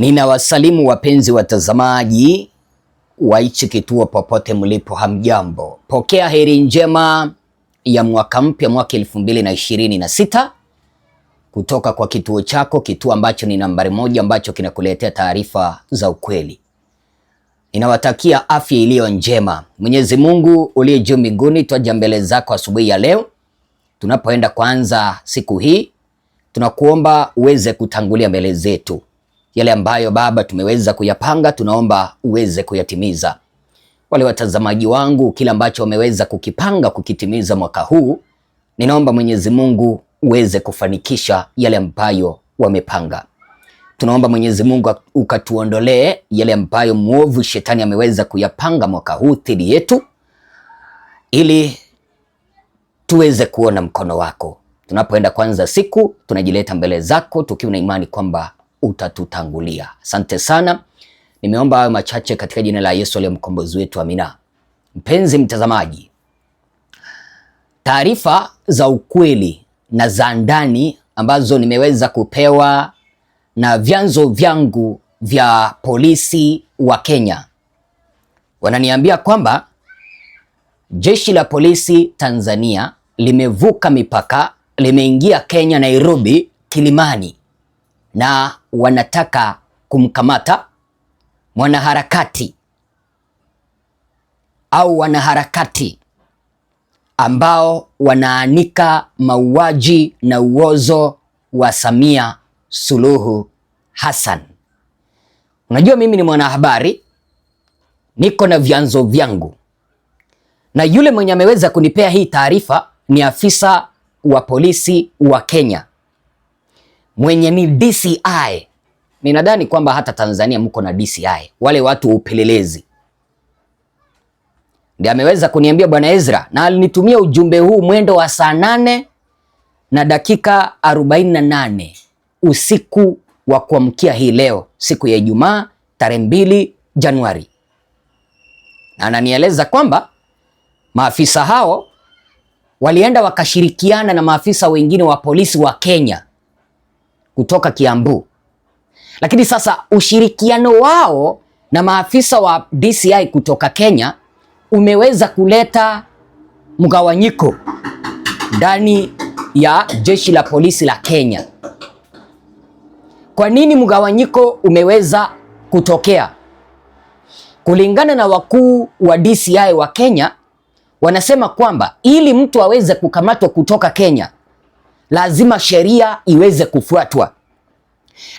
Ninawasalimu wapenzi watazamaji wa hichi kituo popote mlipo, hamjambo. Pokea heri njema ya mwaka mpya, mwaka elfu mbili na ishirini na sita kutoka kwa kituo chako, kituo ambacho ni nambari moja, ambacho kinakuletea taarifa za ukweli. Ninawatakia afya iliyo njema. Mwenyezi Mungu uliye juu mbinguni, twaja mbele zako asubuhi ya leo, tunapoenda kwanza siku hii, tunakuomba uweze kutangulia mbele zetu yale ambayo Baba tumeweza kuyapanga, tunaomba uweze kuyatimiza. Wale watazamaji wangu, kila ambacho wameweza kukipanga kukitimiza mwaka huu, ninaomba Mwenyezi Mungu uweze kufanikisha yale ambayo wamepanga. Tunaomba Mwenyezi Mungu ukatuondolee yale ambayo mwovu shetani ameweza kuyapanga mwaka huu dhidi yetu, ili tuweze kuona mkono wako tunapoenda kwanza siku, tunajileta mbele zako tukiwa na imani kwamba utatutangulia. Asante sana, nimeomba hayo machache katika jina la Yesu aliye mkombozi wetu, amina. Mpenzi mtazamaji, taarifa za ukweli na za ndani ambazo nimeweza kupewa na vyanzo vyangu vya polisi wa Kenya wananiambia kwamba jeshi la polisi Tanzania limevuka mipaka, limeingia Kenya, Nairobi, Kilimani, na wanataka kumkamata mwanaharakati au wanaharakati ambao wanaanika mauaji na uozo wa Samia Suluhu Hassan. Unajua, mimi ni mwanahabari, niko na vyanzo vyangu, na yule mwenye ameweza kunipea hii taarifa ni afisa wa polisi wa Kenya mwenye ni DCI. Ninadhani kwamba hata Tanzania mko na DCI, wale watu wa upelelezi. Ndiye ameweza kuniambia bwana Ezra, na alinitumia ujumbe huu mwendo wa saa nane na dakika 48 usiku wa kuamkia hii leo, siku ya Ijumaa tarehe 2 Januari, na ananieleza kwamba maafisa hao walienda wakashirikiana na maafisa wengine wa polisi wa Kenya kutoka Kiambu. Lakini sasa ushirikiano wao na maafisa wa DCI kutoka Kenya umeweza kuleta mgawanyiko ndani ya jeshi la polisi la Kenya. Kwa nini mgawanyiko umeweza kutokea? Kulingana na wakuu wa DCI wa Kenya wanasema kwamba ili mtu aweze kukamatwa kutoka Kenya lazima sheria iweze kufuatwa.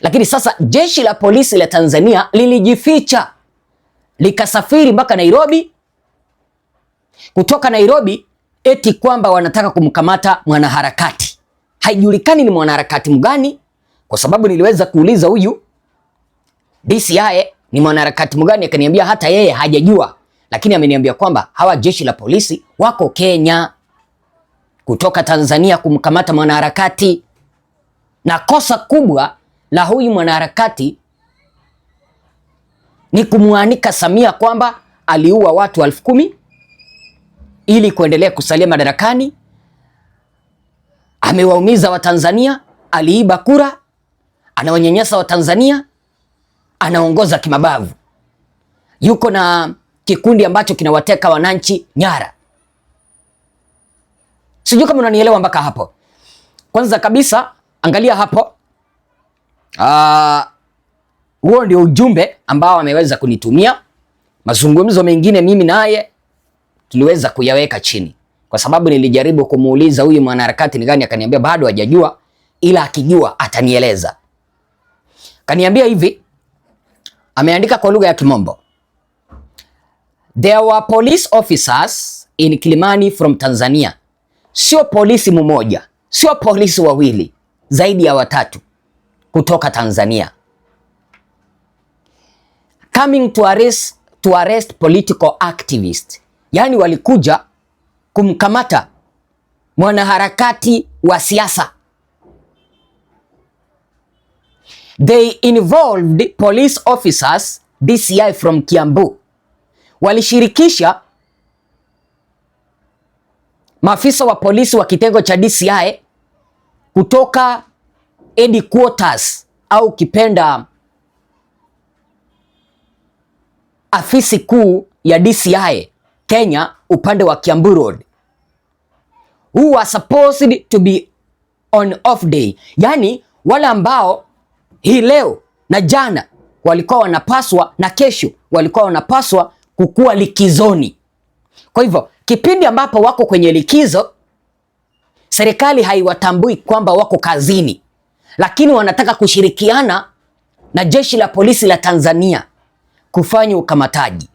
Lakini sasa jeshi la polisi la Tanzania lilijificha likasafiri mpaka Nairobi, kutoka Nairobi eti kwamba wanataka kumkamata mwanaharakati. Haijulikani ni mwanaharakati mgani, kwa sababu niliweza kuuliza huyu DCI ni mwanaharakati mgani, akaniambia hata yeye hajajua, lakini ameniambia kwamba hawa jeshi la polisi wako Kenya kutoka Tanzania kumkamata mwanaharakati, na kosa kubwa la huyu mwanaharakati ni kumwanika Samia kwamba aliua watu elfu kumi ili kuendelea kusalia madarakani. Amewaumiza Watanzania, aliiba kura, anawanyanyasa Watanzania, anaongoza kimabavu, yuko na kikundi ambacho kinawateka wananchi nyara. Sijui kama unanielewa mpaka hapo. Kwanza kabisa angalia hapo. Ah, huo ndio ujumbe ambao ameweza kunitumia. Mazungumzo mengine mimi naye tuliweza kuyaweka chini, kwa sababu nilijaribu kumuuliza huyu mwanaharakati ni gani, akaniambia bado hajajua, ila akijua atanieleza. Kaniambia hivi, ameandika kwa lugha ya Kimombo. There were police officers in Kilimani from Tanzania sio polisi mmoja, sio polisi wawili, zaidi ya watatu kutoka Tanzania coming to arrest, to arrest political activist, yaani walikuja kumkamata mwanaharakati wa siasa. They involved police officers DCI from Kiambu, walishirikisha Maafisa wa polisi wa kitengo cha DCI kutoka headquarters au kipenda afisi kuu ya DCI Kenya upande wa Kiambu Road who are supposed to be on off day, yani wale ambao hii leo na jana walikuwa wanapaswa na kesho walikuwa wanapaswa kukuwa likizoni. Kwa hivyo kipindi ambapo wako kwenye likizo, serikali haiwatambui kwamba wako kazini, lakini wanataka kushirikiana na jeshi la polisi la Tanzania kufanya ukamataji.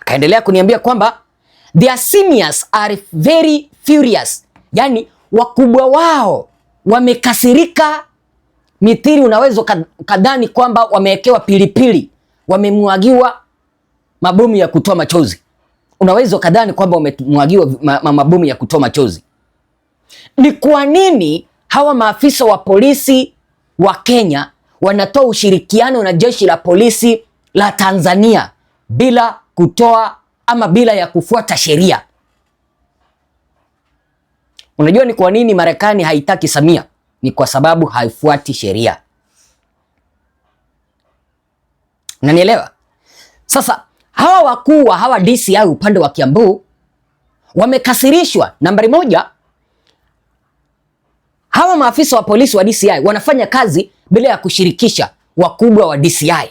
Akaendelea kuniambia kwamba their seniors are very furious, yani wakubwa wao wamekasirika mithili, unaweza kadhani kwamba wamewekewa pilipili, wamemwagiwa mabomu ya kutoa machozi unaweza ukadhani kwamba umemwagiwa mabomu ya kutoa machozi. Ni kwa nini hawa maafisa wa polisi wa Kenya wanatoa ushirikiano na jeshi la polisi la Tanzania bila kutoa ama bila ya kufuata sheria? Unajua ni kwa nini Marekani haitaki Samia? Ni kwa sababu haifuati sheria. Unanielewa? Sasa Hawa wakuu wa hawa DCI upande wa Kiambu wamekasirishwa. Nambari moja, hawa maafisa wa polisi wa DCI wanafanya kazi bila ya kushirikisha wakubwa wa DCI.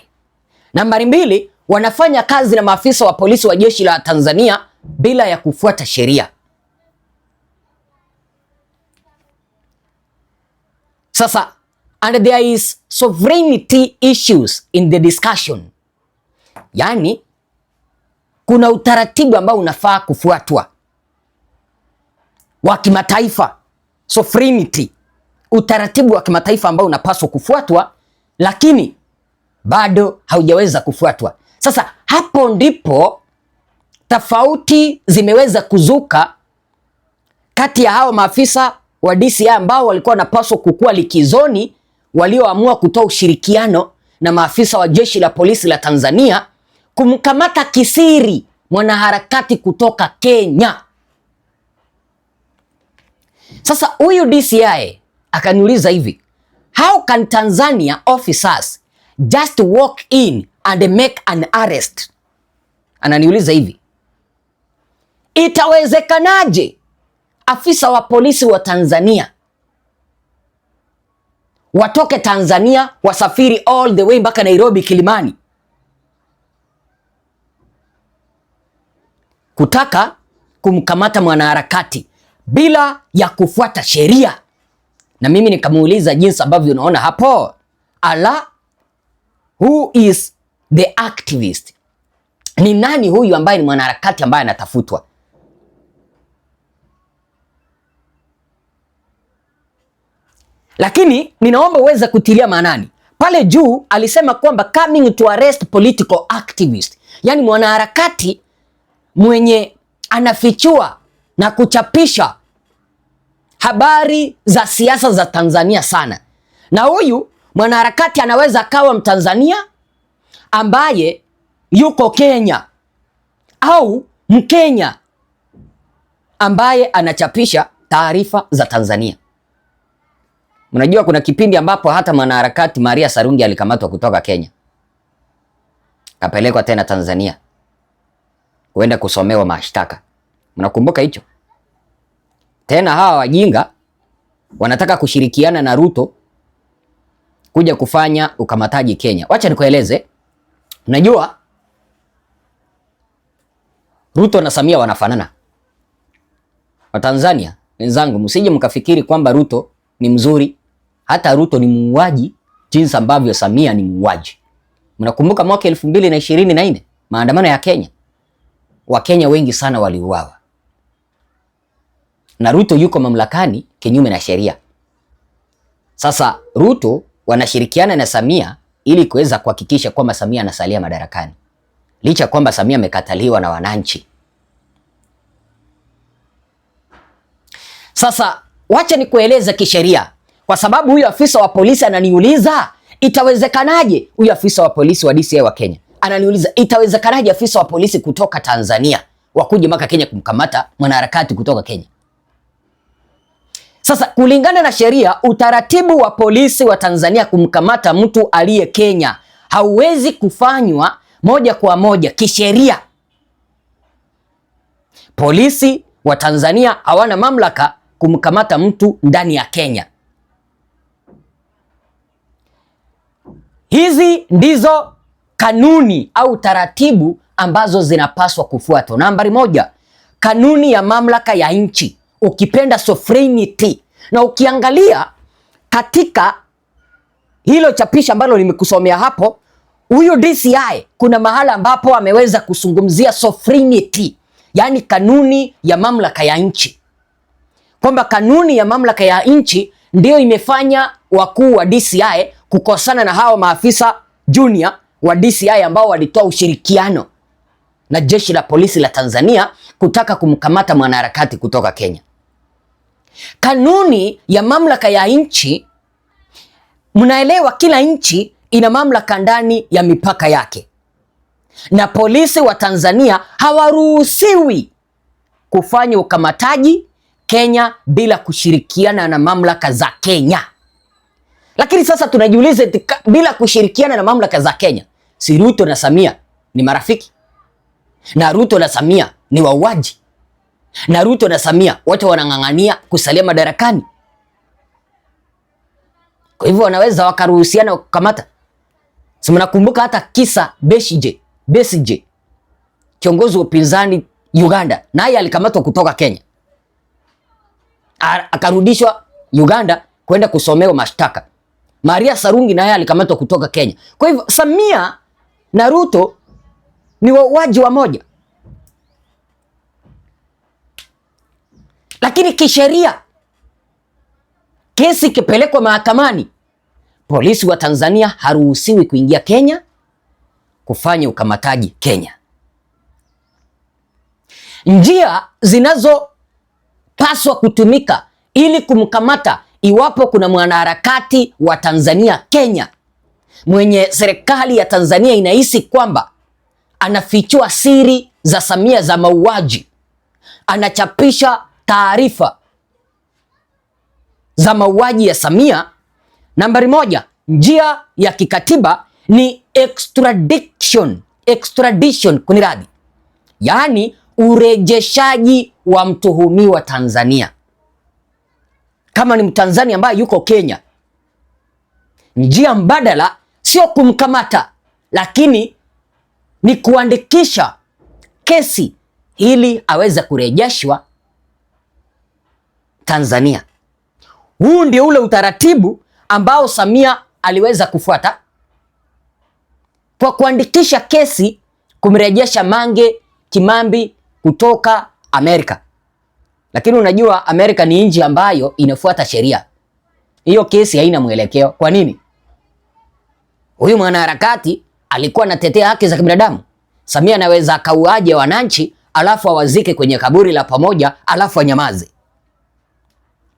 Nambari mbili, wanafanya kazi na maafisa wa polisi wa jeshi la Tanzania bila ya kufuata sheria. Sasa, and there is sovereignty issues in the discussion, Yani, kuna utaratibu ambao unafaa kufuatwa wa kimataifa, sovereignty, utaratibu wa kimataifa ambao unapaswa kufuatwa, lakini bado haujaweza kufuatwa. Sasa hapo ndipo tofauti zimeweza kuzuka kati ya hao maafisa wa DCI ambao walikuwa wanapaswa kukua likizoni, walioamua kutoa ushirikiano na maafisa wa jeshi la polisi la Tanzania kumkamata kisiri mwanaharakati kutoka Kenya. Sasa huyu DCI akaniuliza hivi, how can Tanzania officers just walk in and make an arrest? Ananiuliza hivi, itawezekanaje afisa wa polisi wa Tanzania watoke Tanzania wasafiri all the way mpaka Nairobi Kilimani kutaka kumkamata mwanaharakati bila ya kufuata sheria. Na mimi nikamuuliza jinsi ambavyo unaona hapo, ala, who is the activist? Ni nani huyu ambaye ni mwanaharakati ambaye anatafutwa? Lakini ninaomba uweze kutilia maanani pale juu alisema kwamba coming to arrest political activist, yani mwanaharakati mwenye anafichua na kuchapisha habari za siasa za Tanzania sana, na huyu mwanaharakati anaweza akawa Mtanzania ambaye yuko Kenya au Mkenya ambaye anachapisha taarifa za Tanzania. Mnajua kuna kipindi ambapo hata mwanaharakati Maria Sarungi alikamatwa kutoka Kenya, kapelekwa tena Tanzania huenda kusomewa mashtaka. Mnakumbuka hicho? Tena hawa wajinga wanataka kushirikiana na Ruto kuja kufanya ukamataji Kenya. Wacha nikueleze, unajua Ruto na Samia wanafanana. Watanzania wenzangu, msije mkafikiri kwamba Ruto ni mzuri. Hata Ruto ni muuaji jinsi ambavyo Samia ni muuaji. Mnakumbuka mwaka elfu mbili na ishirini na nne maandamano ya Kenya Wakenya wengi sana waliuawa na Ruto yuko mamlakani kinyume na sheria. Sasa Ruto wanashirikiana na Samia ili kuweza kuhakikisha kwamba Samia anasalia madarakani, licha kwamba Samia amekataliwa na wananchi. Sasa wacha ni kueleza kisheria, kwa sababu huyu afisa wa polisi ananiuliza itawezekanaje huyu afisa wa polisi wa DCI wa Kenya ananiuliza itawezekanaje afisa wa polisi kutoka Tanzania wakuje mpaka Kenya kumkamata mwanaharakati kutoka Kenya? Sasa kulingana na sheria, utaratibu wa polisi wa Tanzania kumkamata mtu aliye Kenya hauwezi kufanywa moja kwa moja kisheria. Polisi wa Tanzania hawana mamlaka kumkamata mtu ndani ya Kenya. Hizi ndizo kanuni au taratibu ambazo zinapaswa kufuatwa. Nambari moja, kanuni ya mamlaka ya nchi, ukipenda sovereignty. Na ukiangalia katika hilo chapisho ambalo nimekusomea hapo, huyu DCI kuna mahala ambapo ameweza kuzungumzia sovereignty, yaani kanuni ya mamlaka ya nchi, kwamba kanuni ya mamlaka ya nchi ndiyo imefanya wakuu wa DCI kukosana na hao maafisa junior wa DCI ambao walitoa ushirikiano na jeshi la polisi la Tanzania kutaka kumkamata mwanaharakati kutoka Kenya. Kanuni ya mamlaka ya nchi, mnaelewa, kila nchi ina mamlaka ndani ya mipaka yake, na polisi wa Tanzania hawaruhusiwi kufanya ukamataji Kenya bila kushirikiana na mamlaka za Kenya. Lakini sasa tunajiuliza, bila kushirikiana na mamlaka za Kenya si Ruto na Samia ni marafiki? Na Ruto na Samia ni wauaji? Na Ruto na Samia wote wanang'ang'ania kusalia madarakani? Kwa hivyo wanaweza wakaruhusiana kukamata. Si mnakumbuka hata kisa Besigye, Besije kiongozi wa upinzani Uganda, naye alikamatwa kutoka Kenya akarudishwa Uganda kwenda kusomewa mashtaka. Maria Sarungi naye alikamatwa kutoka Kenya. Kwa hivyo Samia na Ruto ni wauaji wa moja, lakini kisheria, kesi ikipelekwa mahakamani, polisi wa Tanzania haruhusiwi kuingia Kenya kufanya ukamataji Kenya. Njia zinazopaswa kutumika ili kumkamata iwapo kuna mwanaharakati wa Tanzania Kenya mwenye serikali ya Tanzania inahisi kwamba anafichua siri za Samia za mauaji, anachapisha taarifa za mauaji ya Samia. Nambari moja, njia ya kikatiba ni extradition, extradition kuniradi, yaani urejeshaji wa mtuhumiwa Tanzania. Kama ni Mtanzania ambaye yuko Kenya, njia mbadala sio kumkamata, lakini ni kuandikisha kesi ili aweze kurejeshwa Tanzania. Huu ndio ule utaratibu ambao Samia aliweza kufuata kwa kuandikisha kesi kumrejesha Mange Kimambi kutoka Amerika. Lakini unajua Amerika ni nchi ambayo inafuata sheria. Hiyo kesi haina mwelekeo. Kwa nini? Huyu mwanaharakati alikuwa anatetea haki za kibinadamu. Samia anaweza akauaje wananchi alafu awazike kwenye kaburi la pamoja alafu anyamaze.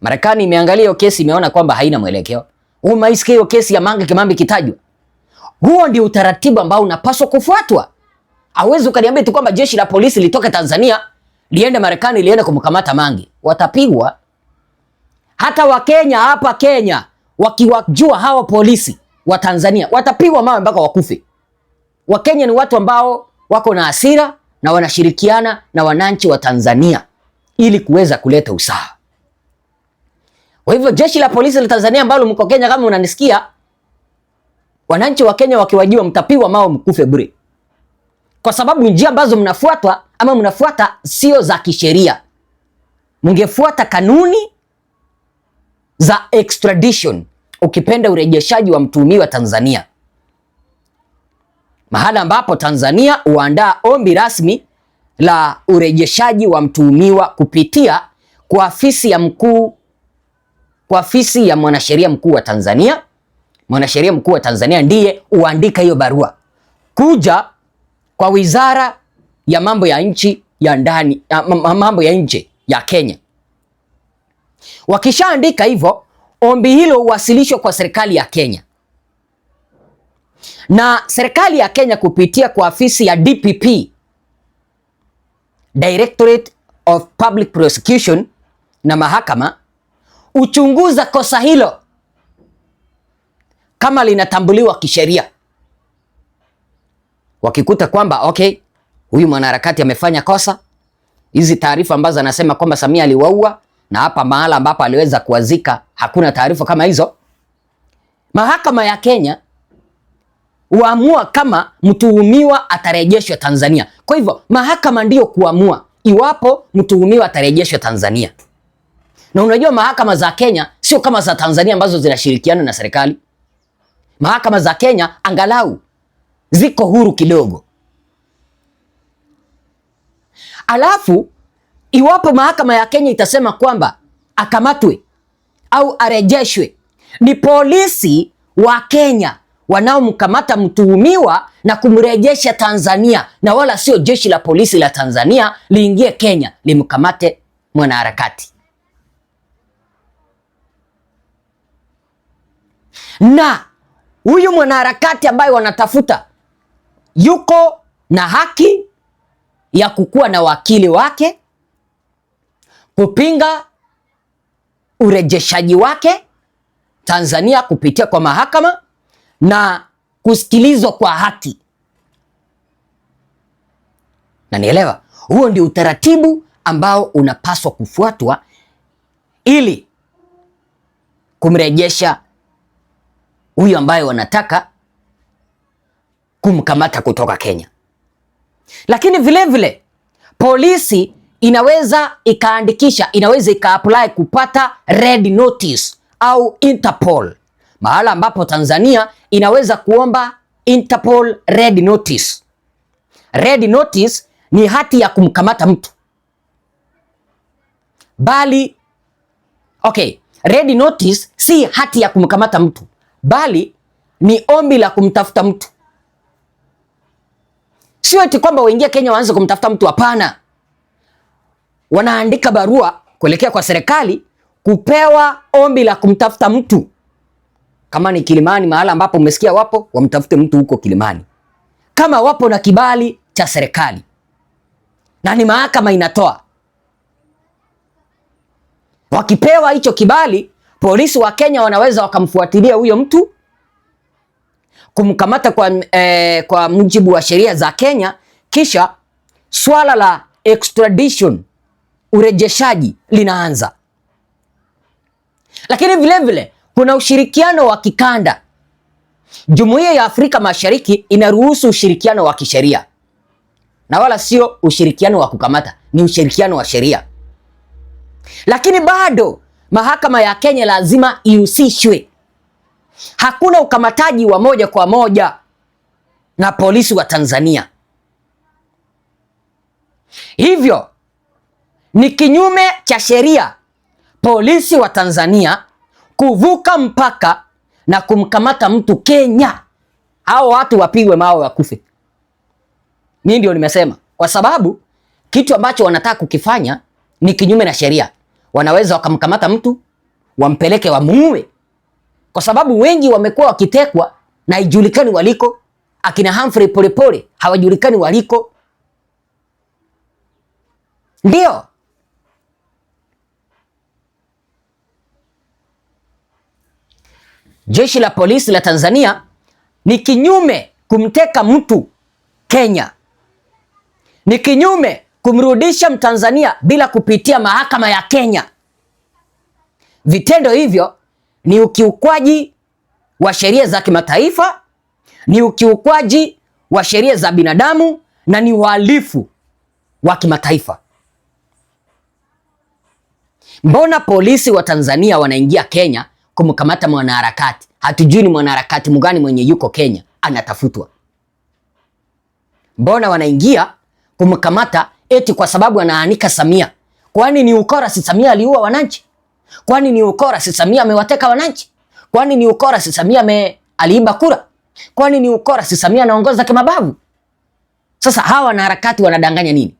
Marekani imeangalia hiyo kesi, imeona kwamba haina mwelekeo. Umeisikia hiyo kesi ya Mange Kimambi kitajwa? Huo ndio utaratibu ambao unapaswa kufuatwa. Hawezi ukaniambia tu kwamba jeshi la polisi litoke Tanzania liende Marekani liende kumkamata Mange, watapigwa. Hata Wakenya hapa Kenya wakiwajua hawa polisi Tanzania watapigwa mawe mpaka wakufe. Wakenya ni watu ambao wako na hasira na wanashirikiana na wananchi wa Tanzania ili kuweza kuleta usawa. Kwa hivyo jeshi la polisi la Tanzania ambalo mko Kenya, kama unanisikia, wananchi wa Kenya wakiwajiwa, mtapigwa mawe mkufe bure, kwa sababu njia ambazo mnafuatwa ama mnafuata sio za kisheria. Mngefuata kanuni za extradition ukipenda urejeshaji wa mtuhumiwa Tanzania, mahala ambapo Tanzania huandaa ombi rasmi la urejeshaji wa mtuhumiwa kupitia kwa afisi ya mkuu kwa afisi ya mwanasheria mkuu wa Tanzania. Mwanasheria mkuu wa Tanzania ndiye huandika hiyo barua kuja kwa wizara ya mambo ya nchi ya ndani ya mambo ya nje ya Kenya. Wakishaandika hivyo, ombi hilo huwasilishwa kwa serikali ya Kenya na serikali ya Kenya kupitia kwa afisi ya DPP, Directorate of Public Prosecution na mahakama uchunguza kosa hilo kama linatambuliwa kisheria. Wakikuta kwamba okay, huyu mwanaharakati amefanya kosa, hizi taarifa ambazo anasema kwamba Samia aliwaua na hapa mahala ambapo aliweza kuwazika hakuna taarifa kama hizo. Mahakama ya Kenya huamua kama mtuhumiwa atarejeshwa Tanzania. Kwa hivyo mahakama ndiyo kuamua iwapo mtuhumiwa atarejeshwa Tanzania. Na unajua mahakama za Kenya sio kama za Tanzania ambazo zinashirikiana na serikali. Mahakama za Kenya angalau ziko huru kidogo. Alafu Iwapo mahakama ya Kenya itasema kwamba akamatwe au arejeshwe, ni polisi wa Kenya wanaomkamata mtuhumiwa na kumrejesha Tanzania, na wala sio jeshi la polisi la Tanzania liingie Kenya limkamate mwanaharakati. Na huyu mwanaharakati ambaye wanatafuta yuko na haki ya kukuwa na wakili wake kupinga urejeshaji wake Tanzania kupitia kwa mahakama na kusikilizwa kwa haki. Na nielewa, huo ndio utaratibu ambao unapaswa kufuatwa ili kumrejesha huyu ambaye wanataka kumkamata kutoka Kenya. Lakini vilevile vile, polisi inaweza ikaandikisha, inaweza ikaapply kupata red notice au Interpol, mahala ambapo Tanzania inaweza kuomba Interpol red notice. Red notice ni hati ya kumkamata mtu bali, okay, red notice si hati ya kumkamata mtu bali ni ombi la kumtafuta mtu, sio eti kwamba waingia Kenya waanze kumtafuta mtu. Hapana, wanaandika barua kuelekea kwa serikali kupewa ombi la kumtafuta mtu, kama ni Kilimani, mahala ambapo umesikia wapo, wamtafute mtu huko Kilimani, kama wapo na kibali cha serikali na ni mahakama inatoa. Wakipewa hicho kibali, polisi wa Kenya wanaweza wakamfuatilia huyo mtu kumkamata kwa, eh, kwa mujibu wa sheria za Kenya, kisha swala la extradition urejeshaji linaanza. Lakini vilevile vile, kuna ushirikiano wa kikanda. Jumuiya ya Afrika Mashariki inaruhusu ushirikiano wa kisheria na wala sio ushirikiano wa kukamata, ni ushirikiano wa sheria. Lakini bado mahakama ya Kenya lazima ihusishwe. Hakuna ukamataji wa moja kwa moja na polisi wa Tanzania. Hivyo ni kinyume cha sheria polisi wa Tanzania kuvuka mpaka na kumkamata mtu Kenya. Hao watu wapigwe mawe wakufe. Mimi ndio nimesema, kwa sababu kitu ambacho wanataka kukifanya ni kinyume na sheria. Wanaweza wakamkamata mtu wampeleke wamuue, kwa sababu wengi wamekuwa wakitekwa na haijulikani waliko. Akina Humphrey Polepole hawajulikani waliko, ndio Jeshi la polisi la Tanzania ni kinyume kumteka mtu Kenya, ni kinyume kumrudisha Mtanzania bila kupitia mahakama ya Kenya. Vitendo hivyo ni ukiukwaji wa sheria za kimataifa, ni ukiukwaji wa sheria za binadamu na ni uhalifu wa kimataifa. Mbona polisi wa Tanzania wanaingia Kenya kumkamata mwanaharakati. Hatujui ni mwanaharakati mgani mwenye yuko Kenya anatafutwa. Mbona wanaingia kumkamata eti kwa sababu anaanika Samia? Kwani ni ukora? Si Samia aliua wananchi? Kwani ni ukora? Si Samia amewateka wananchi? Kwani ni ukora? Si Samia ame aliiba kura? Kwani ni ukora? Si Samia anaongoza kimabavu? Sasa hawa wanaharakati wanadanganya nini?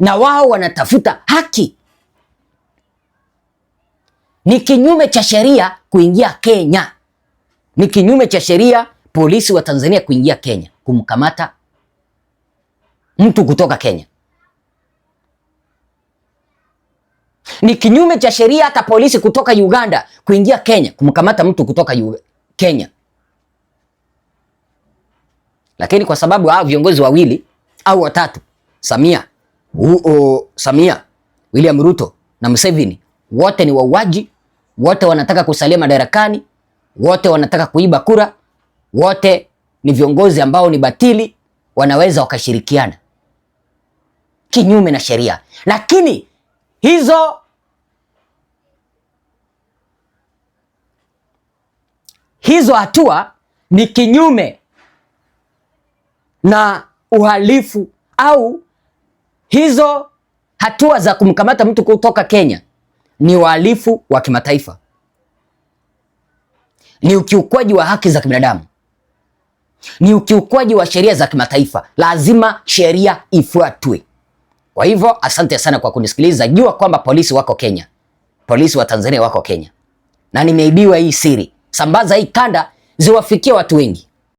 Na wao wanatafuta haki. Ni kinyume cha sheria kuingia Kenya, ni kinyume cha sheria polisi wa Tanzania kuingia Kenya kumkamata mtu kutoka Kenya. Ni kinyume cha sheria hata polisi kutoka Uganda kuingia Kenya kumkamata mtu kutoka Kenya. Lakini kwa sababu hao viongozi wawili au watatu, Samia, Samia, William Ruto na Museveni, wote ni wauaji, wote wanataka kusalia madarakani, wote wanataka kuiba kura, wote ni viongozi ambao ni batili, wanaweza wakashirikiana kinyume na sheria. Lakini hizo hizo hatua ni kinyume na uhalifu au hizo hatua za kumkamata mtu kutoka Kenya ni uhalifu wa kimataifa, ni ukiukwaji wa haki za kibinadamu, ni ukiukwaji wa sheria za kimataifa. Lazima sheria ifuatwe. Kwa hivyo asante sana kwa kunisikiliza. Jua kwamba polisi wako Kenya, polisi wa Tanzania wako Kenya, na nimeibiwa hii siri. Sambaza hii kanda ziwafikie watu wengi.